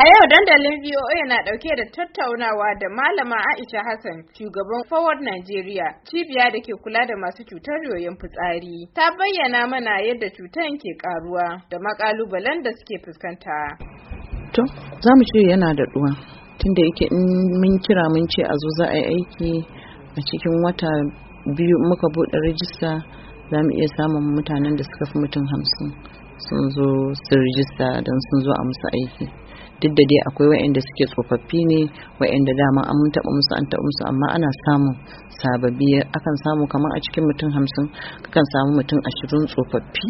A yau dandalin VOA na ɗauke da tattaunawa da Malama Aisha Hassan, shugaban Forward Nigeria, cibiya da ke kula da masu cutar yoyon fitsari. Ta bayyana mana yadda cutar ke karuwa da makalubalen da suke fuskanta. To, za mu ce yana da ɗuwa. Tunda yake in mun kira mun ce a zo za a yi aiki a cikin wata biyu muka buɗe rijista za mu iya samun mutanen da suka fi mutum hamsin sun zo su rijista don sun zo a musu aiki. duk da dai akwai waɗanda suke tsofaffi ne waɗanda dama an taɓa musu an taɓa musu amma ana samun sababbi akan samu kamar a cikin mutum hamsin kakan samu mutum ashirin tsofaffi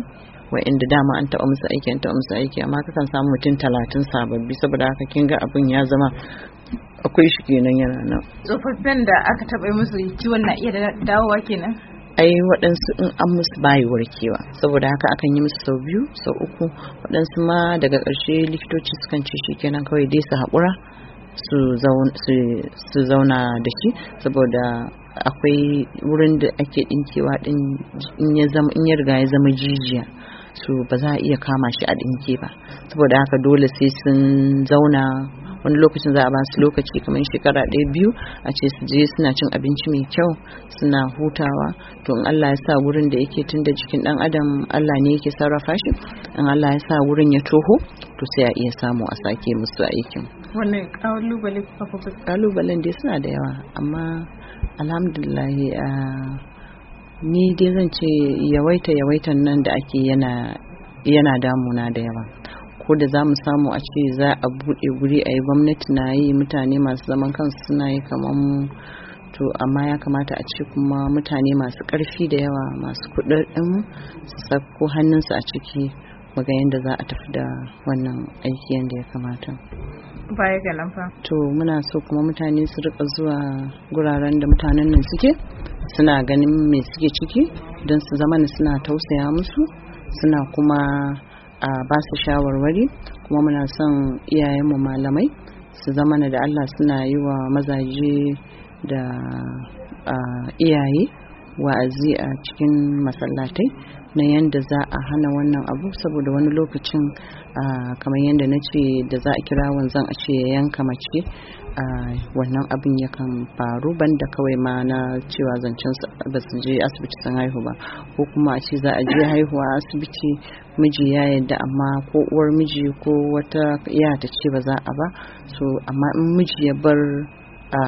wa'inda dama an taɓa musu aiki an taɓa musu aiki amma kakan samu mutum talatin sababbi saboda haka kin ga abin ya zama akwai shi kenan yana nan tsofaffin da aka taɓa musu ciwon na iya dawowa kenan ai waɗansu in an musu bayi warkewa saboda haka akan yi musu sau biyu sau uku waɗansu ma daga ƙarshe likitoci sukan ce kenan kawai dai su haƙura su zauna da shi saboda akwai wurin da ake ɗinkewa ɗin in ya riga ya zama jijiya su ba za a iya kama shi a ɗinke ba saboda haka dole sai sun zauna wani lokacin za a ba su lokaci kamar shekara ɗaya biyu a ce su je suna cin abinci mai kyau suna hutawa to in Allah ya sa wurin da yake tun da jikin dan adam Allah ne yake sarrafa shi in Allah ya sa wurin ya toho to sai a iya samu a sake musu aikin wannan kalubale kalubalen dai suna da yawa amma alhamdulillah ni dai zan ce yawaita yawaitan nan da ake yana yana damuna da yawa ko da za mu samu a ce za a buɗe guri a yi gwamnati na yi mutane masu zaman kansu suna yi kamar mu to amma ya kamata a ce kuma mutane masu ƙarfi da yawa masu kuɗaɗin su sako hannunsu a ciki muga yadda za a tafi da wannan aiki yadda ya kamata baya ga lamfa to muna so kuma mutane su rika zuwa guraren da mutanen nan suke suna ganin me suke ciki don su zama suna tausaya musu suna kuma a ba su shawarwari kuma muna son iyayenmu malamai su zama da Allah suna yi wa mazaje da iyaye wa'azi a cikin masallatai na yadda za a hana wannan abu saboda wani lokacin kamar yadda na ce da za a kira wanzan a ce ya yanka mace wannan abin yakan faru ban da kawai ma na cewa zancen ba su je asibiti sun haihu ba ko kuma a ce za a je haihuwa asibiti miji ya yadda amma ko uwar miji ko wata ya ta ce ba za a ba so amma in miji ya bar a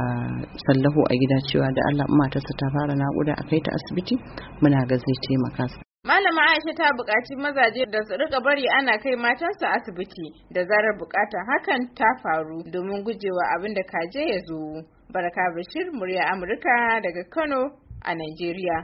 sallahu a gida cewa da Allah matarsa ta fara naƙuda a kai ta asibiti muna ga zai taimaka Malama Aisha ta buƙaci mazaje da su rika bari ana kai matansa asibiti da zarar bukata hakan ta faru domin gujewa abin da kaje ya zo. Baraka Bashir, murya Amurka daga Kano a Najeriya.